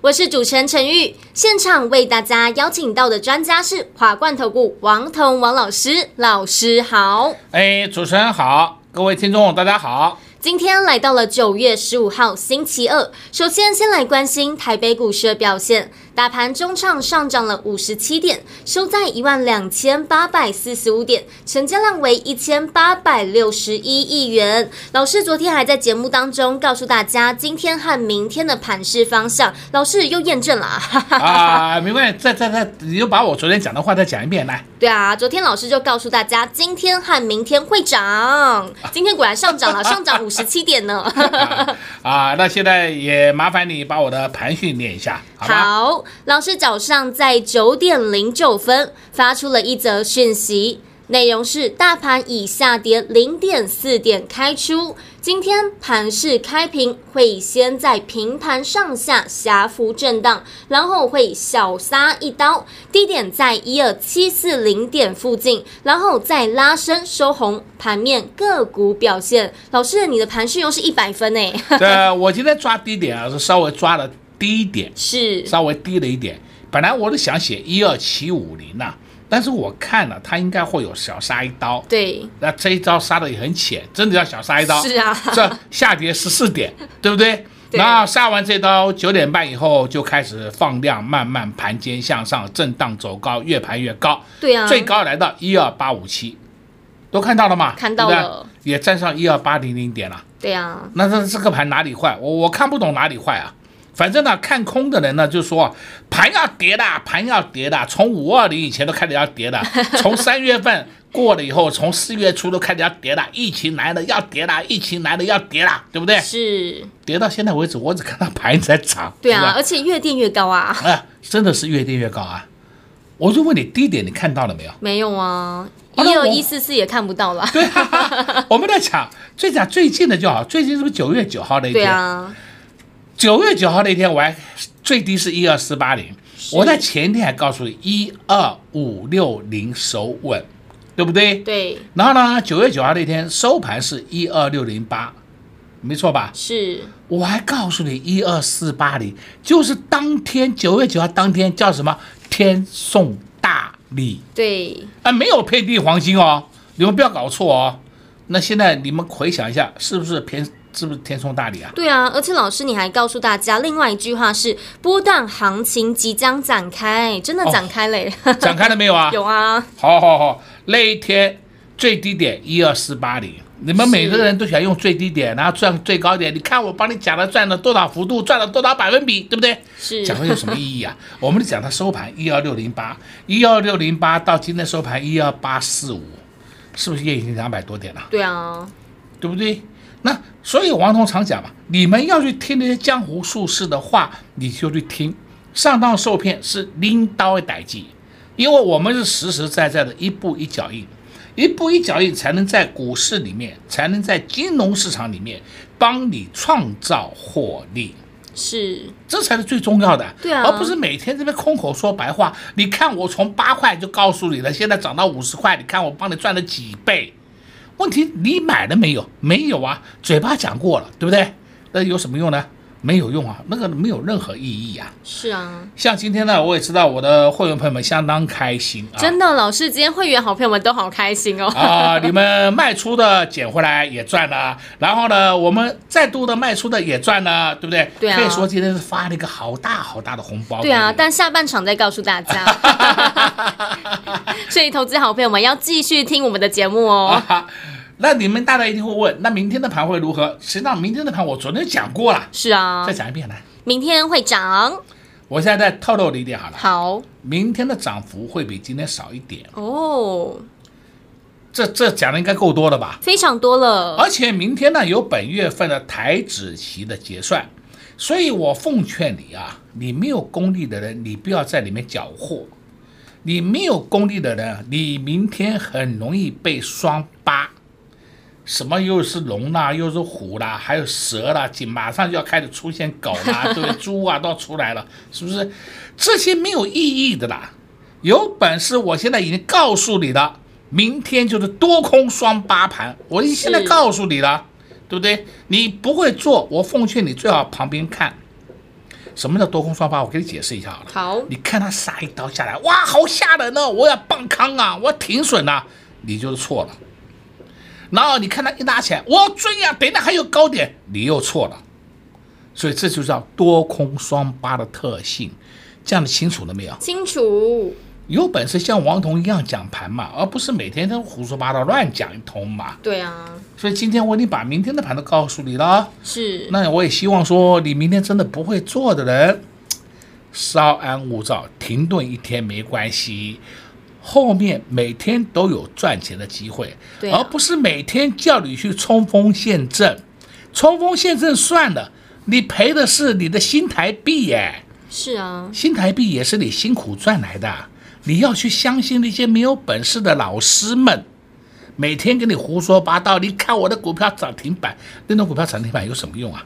我是主持人陳玉，現場為大家邀請到的專家是華冠投顧王彤王老師，老師好。哎、欸，主持人好，各位聽眾大家好。今天來到了九月十五號星期二，首先先來關心台北股市的表現。大盤中唱上漲了五十七點，收在一萬兩千八百四十五點，成交量為一千八百六十一億元。老師昨天還在節目當中告訴大家，今天和明天的盤勢方向，老師又驗證了。啊， 沒關係，再再再，你就把我昨天講的話再講一遍來。對啊，昨天老師就告訴大家，今天和明天會漲。今天果然上漲了， 上漲五十七點呢。啊, 啊，那現在也麻煩你把我的盤訊念一下，好吧？好。老師早上在九點零九分發出了一則訊息，內容是：大盤以下跌零點四點開出，今天盤勢開平會先在平盤上下狹幅震盪，然後會小殺一刀，低點在一二七四零點附近，然後再拉升收紅。盤面個股表現，老師你的盤勢又是一百分哎，對我今天抓低點啊，是稍微抓了。低一點是稍微低了一點，本來我都想寫一二七五零啊，但是我看了它應該會有小殺一刀，對，那這一刀殺的也很淺，真的要小殺一刀，是啊，這下跌十四點，對不對？那殺完這刀九點半以後就開始放量，慢慢盤間向上震盪走高，越盤越高，對啊，最高來到一二八五七，都看到了嗎？看到了，也站上一二八零零點了，對啊，那這這個盤哪裡壞？我我看不懂哪裡壞啊。反正呢、啊，看空的人呢就說，盤要跌的，盤要跌的，從五二零以前都開始要跌的，從三月份過了以後， 從四月初都開始要跌啦。疫情來了要跌了，疫情來了，要跌了，情來了要跌了，對不對？是。跌到現在為止，我只看到盤在漲。對啊，而且越跌越高啊。哎、啊，真的是越跌越高啊！我就問你，低點你看到了沒有？沒有啊，一二一四四也看不到了。啊 對啊，我們在講，最講最近的就好，最近是不是九月九號那一天？對啊。九月九號那天，我還最低是一二四八零，我在前天還告訴你一二五六零守穩，對不對？對。然後呢，九月九號那天收盤是一二六零八，沒錯吧？是。我還告訴你一二四八零，就是當天九月九號當天叫什麼？天送大禮。對啊，沒有配地黃金哦，你們不要搞錯哦。那現在你們回想一下，是不是偏？是不是天送大禮啊？對啊，而且老師你還告訴大家，另外一句話是波段行情即將展開，真的展開嘞！Oh, 展開了沒有啊？有啊。好，好，好，那一天最低點一二四八零，你們每個人都想用最低點，然後賺最高點。你看我幫你講了賺了多少幅度，賺了多少百分比，對不對？是講了有什麼意義啊？ 我們講它收盤一二六零八，一二六零八到今天收盤一二八四五，是不是也已經兩百多點了啊？對啊，對不對？那所以王彤常講嘛，你們要去聽那些江湖術士的話，你就去聽，上當受騙是拎刀的代誌。因為我們是實實在在的一步一腳印，一步一腳印才能在股市裡面，才能在金融市場裡面幫你創造獲利，是，這才是最重要的，對啊，而不是每天這邊空口說白話。你看我從八塊就告訴你了，現在漲到五十塊，你看我幫你賺了幾倍。問題，你買了沒有？沒有啊，嘴巴講過了，對不對？那有什麼用呢？沒有用啊，那個沒有任何意義啊。是啊，像今天呢，我也知道我的會員朋友們相當開心啊。真的，老師，今天會員好朋友們都好開心哦。啊，你們賣出的撿回來也賺了， 然後呢，我們再度的賣出的也賺了，對不對？對啊。可以說今天是發了一個好大好大的紅包。對啊，對不對？對啊，但下半場再告訴大家。 所以投資好朋友們要繼續聽我們的節目哦。 那你們大家一定會問，那明天的盤會如何？實際上，明天的盤我昨天講過了。是啊，再講一遍來。明天會漲。我現在再透露你一點好了。好。明天的漲幅會比今天少一點。哦，這這講的應該夠多了吧？非常多了。而且明天呢，有本月份的台指期的結算，所以我奉勸你啊，你沒有功力的人，你不要在裡面攪和；你沒有功力的人，你明天很容易被雙八。什麼又是龍啦，又是虎啦，還有蛇啦，就馬上就要開始出現狗啦，對豬啊都要出來了，是不是？這些沒有意義的啦。有本事，我現在已經告訴你了，明天就是多空雙八盤，我現在告訴你了，對不對？你不會做，我奉勸你最好旁邊看。什麼叫多空雙八？我給你解釋一下好了。好，你看他殺一刀下來，哇，好嚇人哦！我要幫康啊，我停損啊，你就是錯了。然後你看他一拉起來，我要追呀，啊，等下還有高點，你又錯了。所以這就叫多空雙巴的特性，這樣清楚了沒有？清楚。有本事像王彤一樣講盤嘛，而不是每天都胡說八道亂講一通嘛。對啊。所以今天我已經把明天的盤都告訴你了。是。那我也希望說，你明天真的不會做的人，稍安勿躁，停頓一天沒關係。後面每天都有賺錢的機會，而不是每天叫你去衝鋒陷陣。衝鋒陷陣算了，你賠的是你的新台幣耶。是啊，新台幣也是你辛苦賺來的。你要去相信那些沒有本事的老師們，每天跟你胡說八道。你看我的股票漲停板，那種股票漲停板有什麼用啊？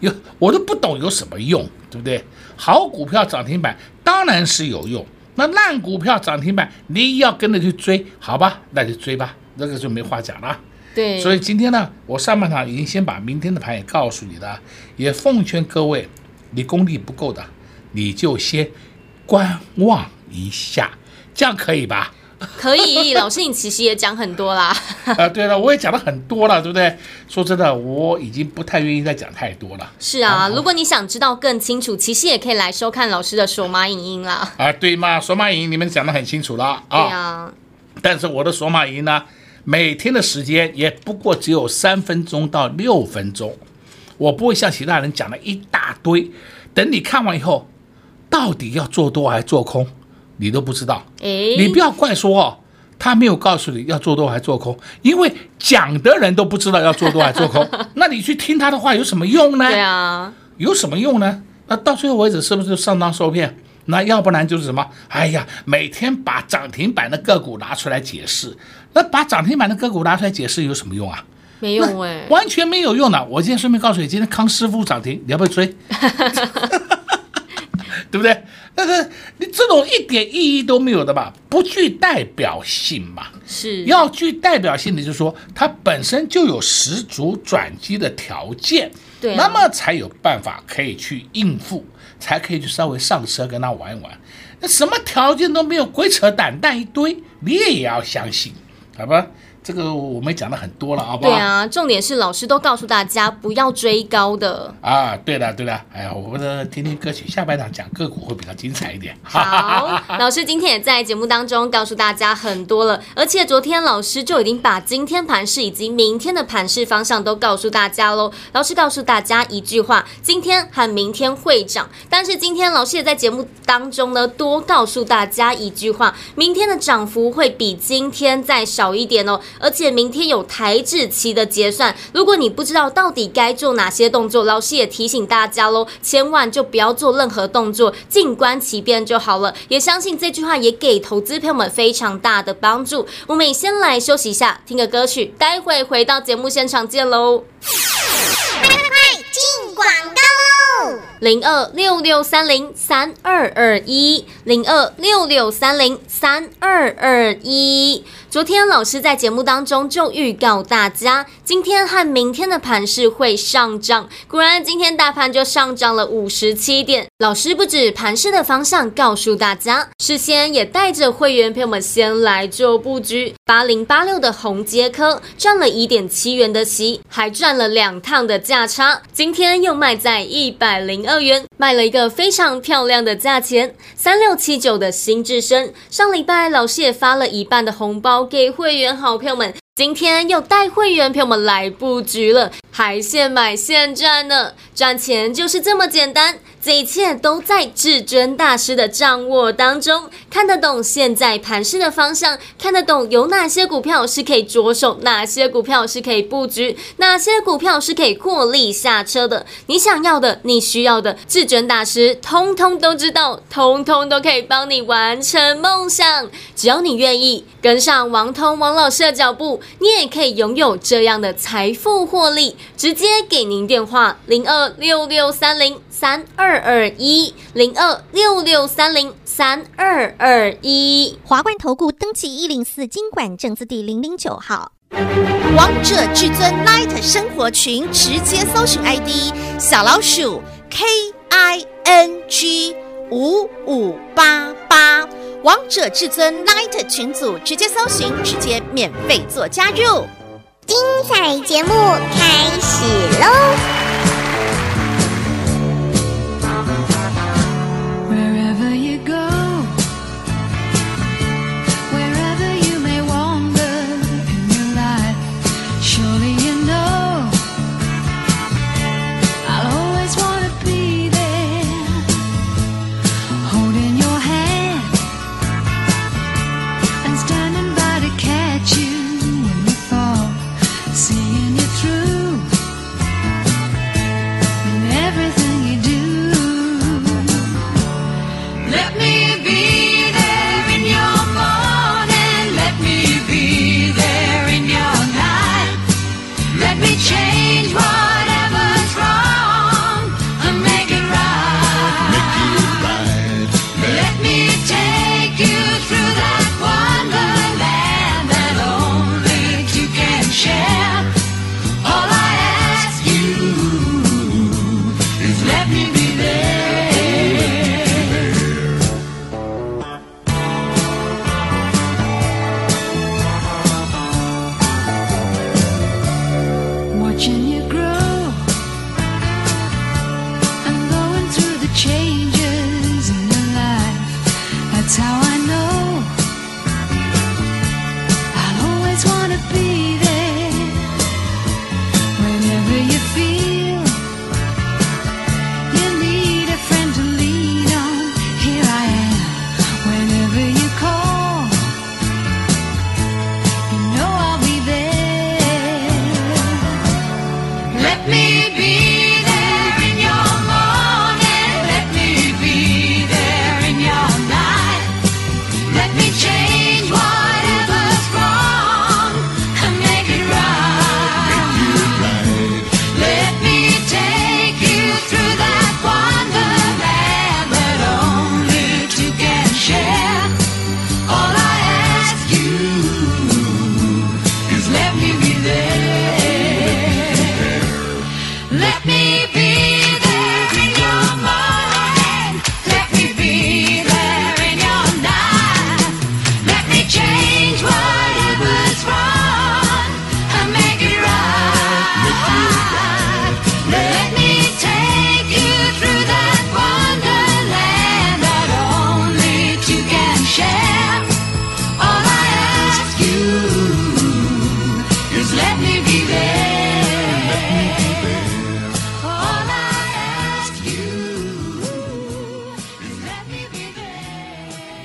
有，我都不懂有什麼用，對不對？好股票漲停板當然是有用。那爛股票漲停板，你要跟着去追，好吧？那就追吧，那個就沒話講了。對，所以今天呢，我上半場已經先把明天的盤也告訴你了，也奉勸各位，你功力不夠的，你就先觀望一下，這樣可以吧？可以，老師，你其實也講很多啦 啊，對了，我也講了很多了，對不對？說真的，我已經不太願意再講太多了。是啊，如果你想知道更清楚，其實也可以來收看老師的索馬影音啦。啊，對嗎，索馬影音你們講得很清楚了啊。對啊、哦。但是我的索馬影音呢，每天的時間也不過只有三分鐘到六分鐘，我不會像其他人講了一大堆，等你看完以後，到底要做多還是做空？你都不知道，你不要怪說哦，他沒有告訴你要做多還是做空，因為講的人都不知道要做多還是做空，那你去聽他的話有什麼用呢？對啊，有什麼用呢？那到最後為止是不是上當受騙？那要不然就是什麼？哎呀，每天把漲停板的個股拿出來解釋，那把漲停板的個股拿出來解釋有什麼用啊？沒用誒，完全沒有用的。我今天順便告訴你，今天康師傅漲停，你要不要追？ 對不對？但是你這種一點意義都沒有的吧，不具代表性嘛，是要具代表性的就是說，就說它本身就有十足轉機的條件，啊，那麼才有辦法可以去應付，才可以去稍微上車跟他玩一玩。那什麼條件都沒有，鬼扯淡淡一堆，你也要相信，好吧。這個我們講了很多了，好不好？對啊，重點是老師都告訴大家不要追高的啊。對的，對的。哎呀，我們聽聽歌曲，下半場講個股會比較精彩一點。好， 老師今天也在節目當中告訴大家很多了，而且昨天老師就已經把今天盤勢以及明天的盤勢方向都告訴大家嘍。老師告訴大家一句話：今天和明天會漲，但是今天老師也在節目當中呢，多告訴大家一句話：明天的漲幅會比今天再少一點哦。而且明天有台指期的結算，如果你不知道到底該做哪些動作，老師也提醒大家嘍，千萬就不要做任何動作，靜觀其變就好了。也相信這句話也給投資朋友們非常大的幫助。我們也先來休息一下，聽個歌曲，待會回到節目現場見嘍。快快快，進廣告嘍！零二六六三零三二二一，零二六六三零三二二一。昨天老師在節目當中就預告大家，今天和明天的盤勢會上漲。果然，今天大盤就上漲了五十七點。老師不止盤勢的方向告訴大家，事先也帶着會員朋友們先來做布局。八零八六的宏捷科賺了一點七元的息，還賺了兩趟的價差。今天又賣在一百零二元，賣了一個非常漂亮的價錢。三六七九的新至陞，上禮拜老師也發了一半的紅包。給會員好朋友們，今天又帶會員朋友們來布局了，還現買現賺呢，賺錢就是這麼簡單。這一切都在至尊大師的掌握當中，看得懂現在盤勢的方向，看得懂有哪些股票是可以着手，哪些股票是可以布局，哪些股票是可以獲利下車的。你想要的，你需要的，至尊大師通通都知道，通通都可以幫你完成夢想。只要你願意跟上王通王老師的腳步，你也可以擁有這樣的財富獲利。直接給您電話零二六六三零。026630，三二二一零二六六三零三二二一。華冠投顧登記一零四金管證字第零零九號。王者至尊 Light 生活群，直接搜尋 ID 小老鼠 K I N G 五五八八，王者至尊 Light 群組直接搜尋，直接免費做加入，精彩節目開始嘍！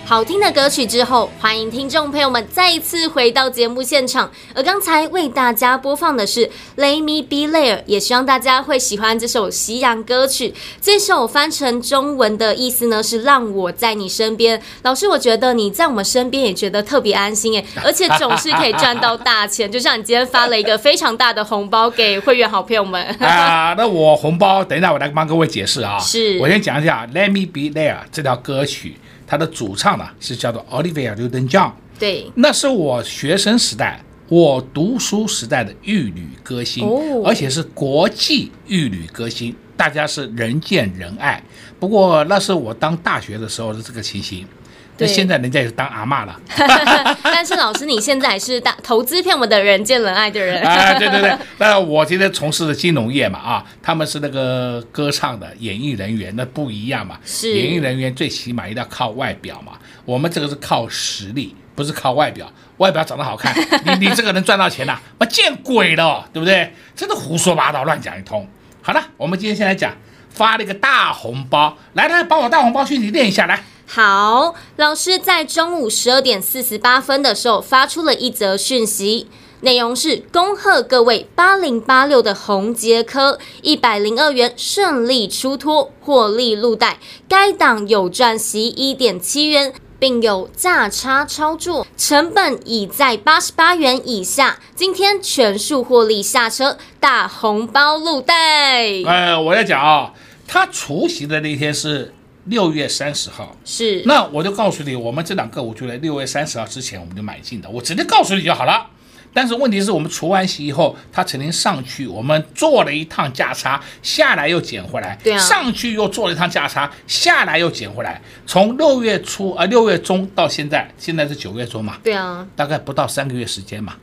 好聽的歌曲之後，歡迎聽眾朋友們再一次回到節目現場。而剛才為大家播放的是《Let Me Be There》，也希望大家會喜歡這首西洋歌曲。這首翻成中文的意思呢是“讓我在你身邊”。老師，我覺得你在我們身邊也覺得特別安心耶，而且總是可以賺到大錢。 就像你今天發了一個非常大的紅包給會員好朋友們。啊，那我紅包等一下我來幫各位解釋啊。是，我先講一下《Let Me Be There》這條歌曲。他的主唱呢是叫做 Olivia Newton-John，對，那是我學生時代，我讀書時代的玉女歌星，哦，而且是國際玉女歌星，大家是人見人愛。不過那是我當大學的時候的這個情形。那現在人家也是當阿嬤了， 但是老師，你現在是大投資騙我的人見人愛的人啊、 哎！對對對，那我今天從事的金融業嘛，啊，他們是那個歌唱的演藝人員，那不一樣嘛。是演藝人員最起碼一定要靠外表嘛，我們這個是靠實力，不是靠外表。外表長得好看，你你這個能賺到錢呢？我見鬼了，對不對？真的胡說八道，亂講一通。好了，我們今天先來講發了一個大紅包，來來，幫我大紅包去念一下來。好，老師在中午十二點四十八分的時候發出了一則訊息，內容是恭賀各位八零八六的宏捷科一百零二元順利出脫獲利落袋，該檔有賺息一點七元，並有價差操作，成本已在八十八元以下，今天全數獲利下車，大紅包落袋。哎、呃，我要講啊、哦，他除息的那天是。六月三十號是，那我就告訴你，我們這兩個我覺得六月三十號之前我們就買進的，我直接告訴你就好了。但是問題是我們除完息以後，它曾經上去，我們做了一趟價差，下來又撿回來。對啊。上去又做了一趟價差，下來又撿回來。從六月初啊，六，呃，六月中到現在，現在是九月中嘛？對啊。大概不到三個月時間嘛，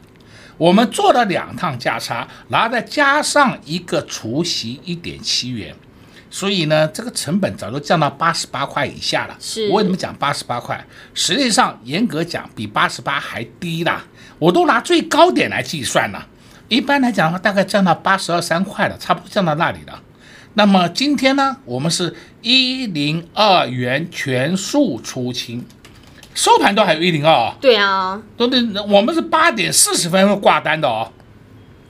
我們做了兩趟價差，然後再加上一個除息一點七元。所以呢，這個成本早就降到八十八塊以下了。是，我為什麼講八十八塊？實際上嚴格講比八十八還低啦。我都拿最高點來計算了。一般來講的話，大概降到八十二三塊了，差不多降到那裡了。那麼今天呢，我們是一零二元全數出清，收盤都還有一零二。對啊，都得我們是八點四十分掛單的哦。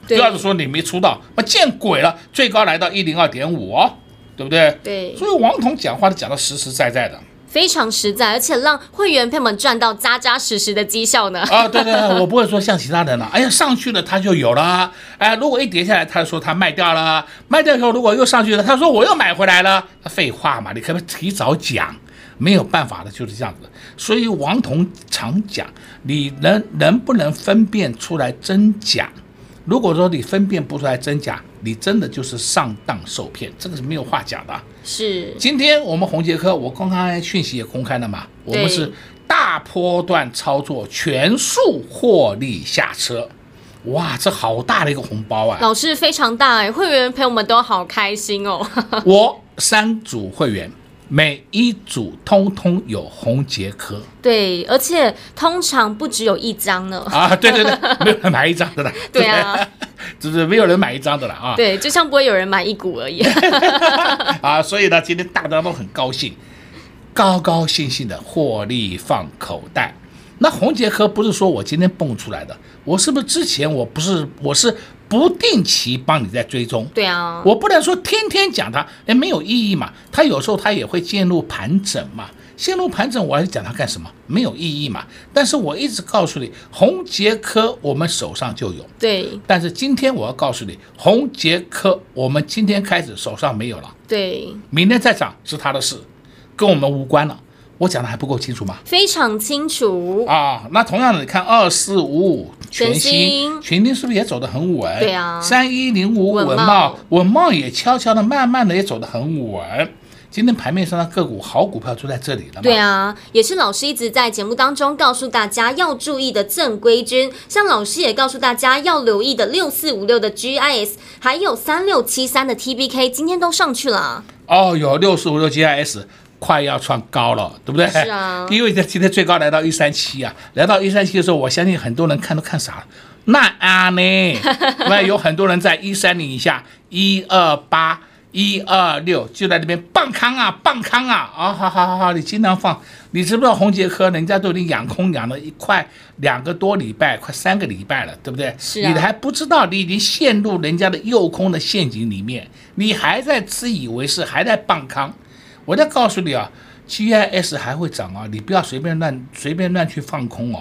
對。要是說你沒出到，那見鬼了，最高來到一零二點五哦。對不對？對，所以王彤講話都講得實實在在的，非常實在，而且讓會員朋友們賺到扎扎實實的績效呢。啊、哦，對對對，我不會說像其他人了。哎呀，上去了他就有了，哎，如果一跌下來，他就說他賣掉了，賣掉以後如果又上去了，他說我又買回來了，他廢話嘛，你可不可以提早講，沒有辦法的，就是這樣子。所以王彤常講，你能能不能分辨出來真假？如果說你分辨不出來真假，你真的就是上當受騙，這個是沒有話講的。是，今天我們宏捷科，我公開訊息也公開了嘛，我們是大波段操作，全數獲利下車。哇，這好大的一個紅包啊！老師非常大、欸、會員朋友們都好開心哦。 我三組會員。每一組通通有宏捷科，對，而且通常不只有一張呢。啊，對對對， 沒有人買一張的了。 對啊，就是沒有人買一張的了啊。對，就像不會有人買一股而已 。 啊，所以呢，今天大家都很高興，高高興興的獲利放口袋。那宏捷科不是說我今天蹦出來的，我是不是之前我不是我是？不定期幫你在追蹤，對啊，我不能說天天講它，哎，沒有意義嘛。它有時候它也會陷入盤整嘛，陷入盤整，我還講它幹什麼？沒有意義嘛。但是我一直告訴你，宏捷科我們手上就有，對。但是今天我要告訴你，宏捷科我們今天開始手上沒有了，對。明天再漲是他的事，跟我們無關了。我講的還不夠清楚嗎？非常清楚啊！那同樣的，你看二四五五全新，全新是不是也走得很穩？對啊，三一零五穩懋，穩懋也悄悄的、慢慢的也走得很穩。今天盤面上的個股、好股票就在這裡了嘛。對啊，也是老師一直在節目當中告訴大家要注意的正規軍，像老師也告訴大家要留意的六四五六的 GIS，還有三六七三的 TPK，今天都上去了。哦，有六四五六 GIS。快要創高了，對不對？是啊，因為今天最高來到一三七啊，來到一三七的時候，我相信很多人看都看傻了。那啊呢？ 那有很多人在一三零以下，一二八、一二六就在這邊棒康啊，棒康啊，啊、哦，好好好好，你經常放。你知不知道宏捷科人家都已經養空養了一快兩個多禮拜，快三個禮拜了，對不對？是啊。你還不知道，你已經陷入人家的誘空的陷阱裡面，你還在自以為是，還在棒康。我再告訴你啊，G I S 還會漲啊、哦，你不要隨便亂隨便亂去放空哦。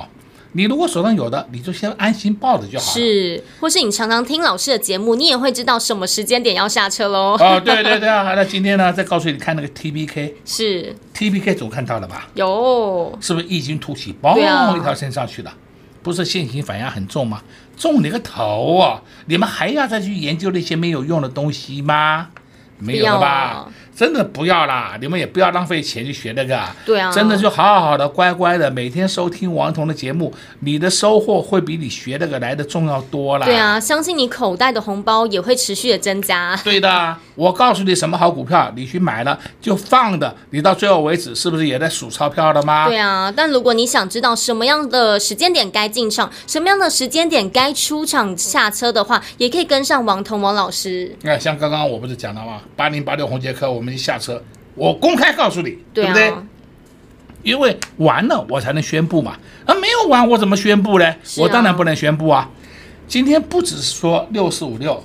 你如果手上有的，你就先安心抱着就好了。是，或是你常常聽老師的節目，你也會知道什麼時間點要下車嘍。哦，對對對啊， 那今天呢，再告訴你看那個 T B K 是 T B K，總看到了吧？有，是不是異軍突起，嘣，一條線上去了？啊、不是線型反應很重嗎？重你個頭啊！你們還要再去研究那些沒有用的東西嗎？沒有了吧？真的不要啦，你們也不要浪費錢去學那、這個。對啊，真的就好好的，啊、乖乖的，每天收聽王彤的節目，你的收穫會比你學那個來的重要多了。對啊，相信你口袋的紅包也會持續的增加。對的，我告訴你什麼好股票，你去買了就放的，你到最後為止是不是也在數鈔票的嗎？對啊，但如果你想知道什麼樣的時間點該進場，什麼樣的時間點該出場下車的話，也可以跟上王彤王老師。那像剛剛我不是講了嗎？八零八六宏捷科我們。沒下車，我公開告訴你對、啊，對不對？因為完了我才能宣布嘛，那、啊、沒有完我怎麼宣布呢、啊？我當然不能宣布啊。今天不只是說六四五六，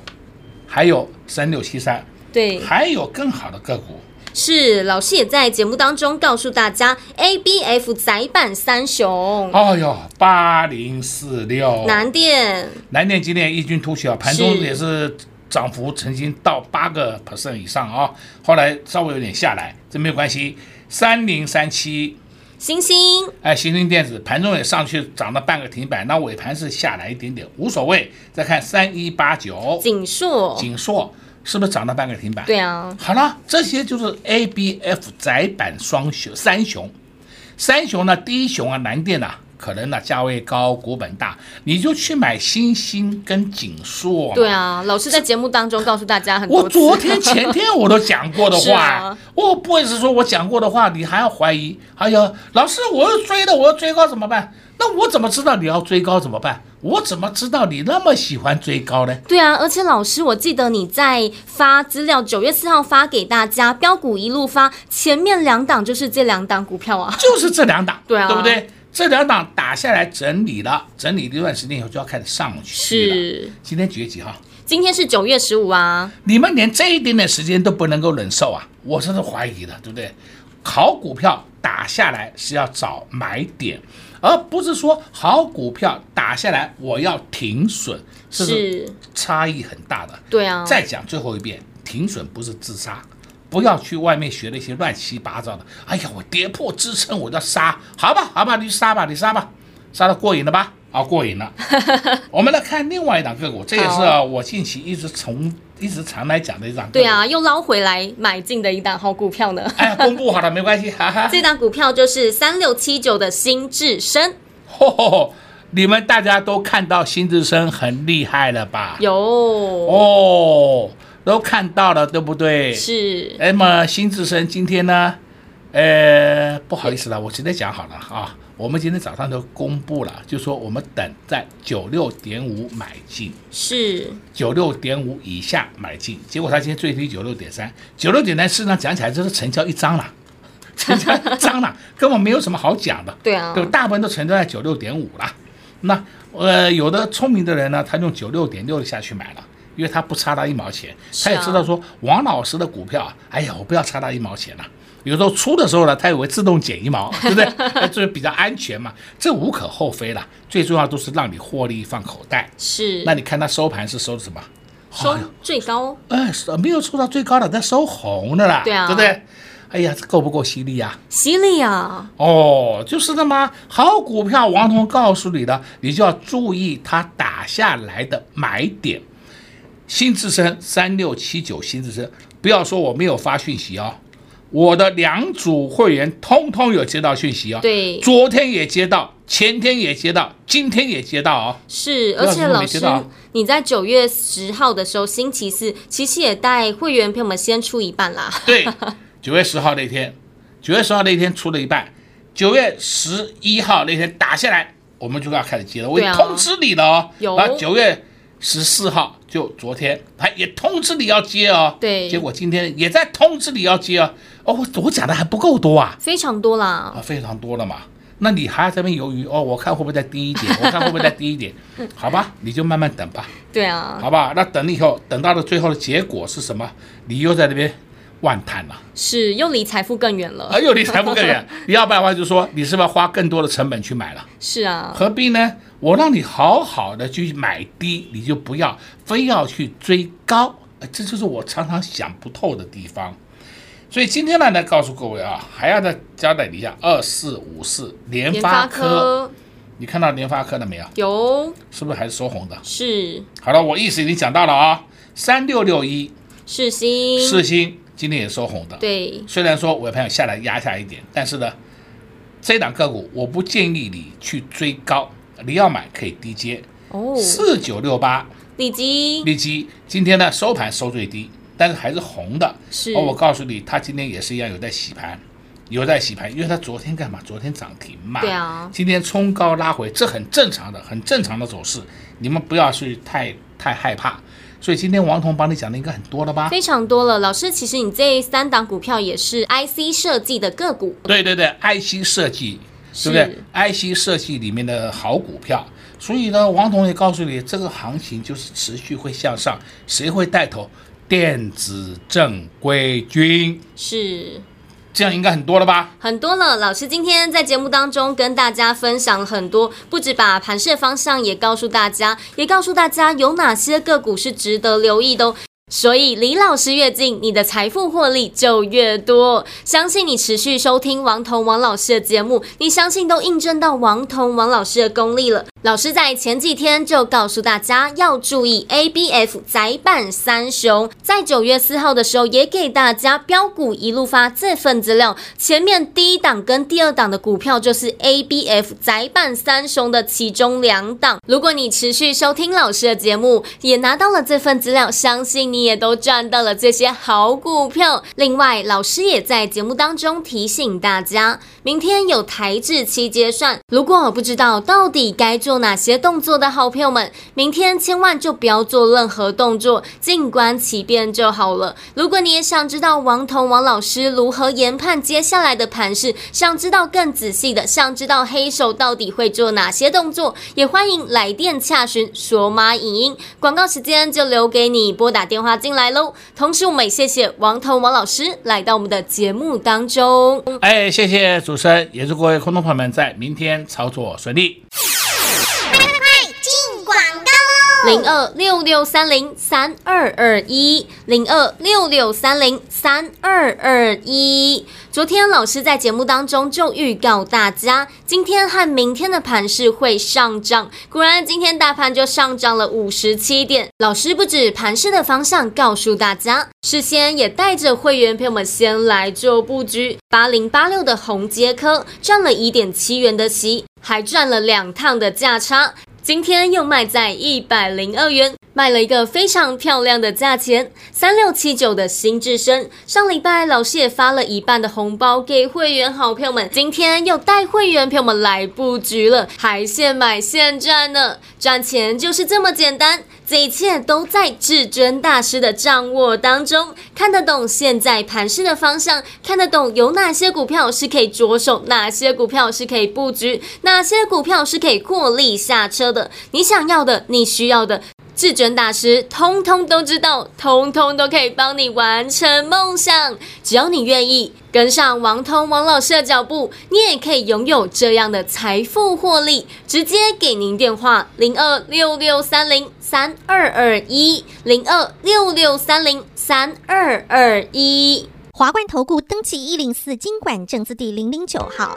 還有三六七三，對，還有更好的個股。是老師也在節目當中告訴大家，A B F 窄板三雄。哎、哦、呦，八零四六，南電，南電今天異軍突起啊，盤中也是。是漲幅曾經到八個 percent 以上啊，後來稍微有點下來，這沒有關係。三零三七欣興，哎，欣興電子盤中也上去漲了半個停板，那尾盤是下來一點點，無所謂。再看三一八九景碩，景碩是不是漲了半個停板？對啊。好了，這些就是 A B F 載板雙雄三雄，三雄呢，第一雄啊，南電吶、啊。可能呢、啊，價位高，股本大，你就去買欣興跟景碩。對啊，老師在節目當中告訴大家很多。我昨天、前天我都講過的話， 啊、我不會是說我講過的話，你還要懷疑？還有，老師，我要追的，我要追高怎麼辦？那我怎麼知道你要追高怎麼辦？我怎麼知道你那麼喜歡追高呢？對啊，而且老師，我記得你在發資料，九月四號發給大家，飆股一路發，前面兩檔就是這兩檔股票啊，就是這兩檔，對啊，對不對？對啊。這兩檔打下來整理了，整理一段時間以後就要開始上去了，是，今天幾月幾號？今天是九月十五啊。你們連這一點點時間都不能夠忍受啊？我這是懷疑的，對不對？好股票打下來是要找買點，而不是說好股票打下來我要停損，是差異很大的。對啊。再講最後一遍，停損不是自殺。不要去外面學那些亂七八糟的。哎呀，我跌破支撐，我就殺，好吧，好吧，你殺吧，你殺吧，殺的過癮了吧？啊，過癮了。 我們來看另外一檔個股，這也是我近期一直從一直常來講的一檔。 對啊，又撈回來買進的一檔好股票呢。 哎呀，公布好了，沒關係 這檔股票就是三六七九的新至陞 你們大家都看到新至陞很厲害了吧？有哦。都看到了，對不對？是。那麼新至升今天呢，呃，不好意思了，我直接講好了啊。我們今天早上都公布了，就說我們等在九六點五買進，是九六點五以下買進。結果他今天最低九六點三，九六點三市場講起來就是成交一張了，成交一張了， 根本沒有什麼好講的。對啊，對大部分都成交在九六點五了。那呃，有的聰明的人呢，他用九六點六下去買了。因為他不差他一毛錢、啊，他也知道說王老師的股票啊，哎呀，我不要差他一毛錢了、啊。有時候出的時候呢，他也會自動減一毛，對不對？那 就是比較安全嘛，這無可厚非了。最重要都是讓你獲利放口袋。是。那你看他收盤是收的什麼？收最高。哎，沒有出到最高的，他收紅的啦。對啊，對不對？哎呀，這夠不夠犀利呀、啊？犀利啊！哦，就是的嘛。好股票，王彤告訴你的，你就要注意他打下來的買點。新至陞三六七九，新至陞不要說我沒有發訊息啊、哦，我的兩組會員通通有接到訊息啊、哦。對，昨天也接到，前天也接到，今天也接到哦。是，而且老師，是是啊、老師你在九月十號的時候，星期四，琪琪也帶會員，陪我們先出一半啦。對，九月十號那天，九月十號那天出了一半，九月十一號那天打下來，我們就要開始接了，我已通知你了哦、啊然後9。有，九月。十四號就昨天他也通知你要接哦，對，結果今天也在通知你要接哦、啊。哦，我我講的還不夠多啊，非常多了，哦、非常多了嘛。那你還在那邊猶豫哦？我看會不會再低一點？ 我看會不會再低一點？ 好吧，你就慢慢等吧。對啊，好吧，那等以後等到了最後的結果是什麼？你又在那邊。萬攤了、啊，是又離財富更遠了。哎、啊、又離財富更遠。 你要不然的話，就說你是不是要花更多的成本去買了？是啊，何必呢？我讓你好好的去買低，你就不要非要去追高，這就是我常常想不透的地方。所以今天呢，來告訴各位啊，還要再交代你一下：二四五四、聯發科。你看到聯發科了沒有？有。是不是還是收紅的？是。好了，我意思已經講到了啊，三六六一，世芯，世芯。今天也收紅的，對。雖然說我有朋友下來壓下一點，但是呢，這檔個股我不建議你去追高，你要買可以低接。哦，四九六八，立基，立基，今天呢收盤收最低，但是還是紅的。是。哦，我告訴你，它今天也是一樣，有在洗盤，有在洗盤，因為它昨天幹嘛？昨天漲停嘛。對啊。今天衝高拉回，這很正常的，很正常的走勢，你們不要去太太害怕。所以今天王彤幫你講的應該很多了吧？非常多了，老師，其實你這三檔股票也是 IC 設計的個股。對對對，IC 設計，是，對不對？IC 設計裡面的好股票，所以呢，王彤也告訴你，這個行情就是持續會向上，誰會帶頭？電子正規軍是。這樣應該很多了吧？很多了。老師今天在節目當中跟大家分享了很多，不止把盤勢方向也告訴大家，也告訴大家有哪些個股是值得留意的哦。所以離老師越近，你的財富獲利就越多。相信你持續收聽王彤王老師的節目，你相信都印證到王彤王老師的功力了。老師在前幾天就告訴大家要注意 ABF 載板三雄，在九月四號的時候也給大家標股一路發這份資料。前面第一檔跟第二檔的股票就是 ABF 載板三雄的其中兩檔。如果你持續收聽老師的節目，也拿到了這份資料，相信你。也都賺到了這些好股票。另外，老師也在節目當中提醒大家，明天有台指期結算。如果我不知道到底該做哪些動作的好朋友們，明天千萬就不要做任何動作，靜觀其變就好了。如果你也想知道王彤王老師如何研判接下來的盤勢，想知道更仔細的，想知道黑手到底會做哪些動作，也歡迎來電洽詢索馬影音。廣告時間就留給你撥打電話。拉進來嘍！同時，我們也謝謝王騰王老師來到我們的節目當中。哎，謝謝主持人，也祝各位觀眾朋友們在明天操作順利。零二六六三零三二二一，零二六六三零三二二一。昨天老師在節目當中就預告大家，今天和明天的盤勢會上漲。果然，今天大盤就上漲了五十七點。老師不止盤勢的方向告訴大家，事先也帶着會員朋友們先來做布局。八零八六的宏捷科賺了一點七元的席，還賺了兩趟的價差。今天又賣在一百零二元，賣了一個非常漂亮的價錢。三六七九的新至陞，上禮拜老師也發了一半的紅包給會員好朋友們，今天又帶會員朋友們來布局了，還現買現賺呢，賺錢就是這麼簡單。這一切都在至尊大師的掌握當中，看得懂現在盤勢的方向，看得懂有哪些股票是可以着手，哪些股票是可以布局，哪些股票是可以獲利下車的。你想要的，你需要的，至尊大師通通都知道，通通都可以幫你完成夢想。只要你願意跟上王通王老師的腳步，你也可以擁有這樣的財富獲利。直接給您電話：零二六六三零三二二一，零二六六三零三二二一。華冠投顧登記一零四金管證字第零零九號。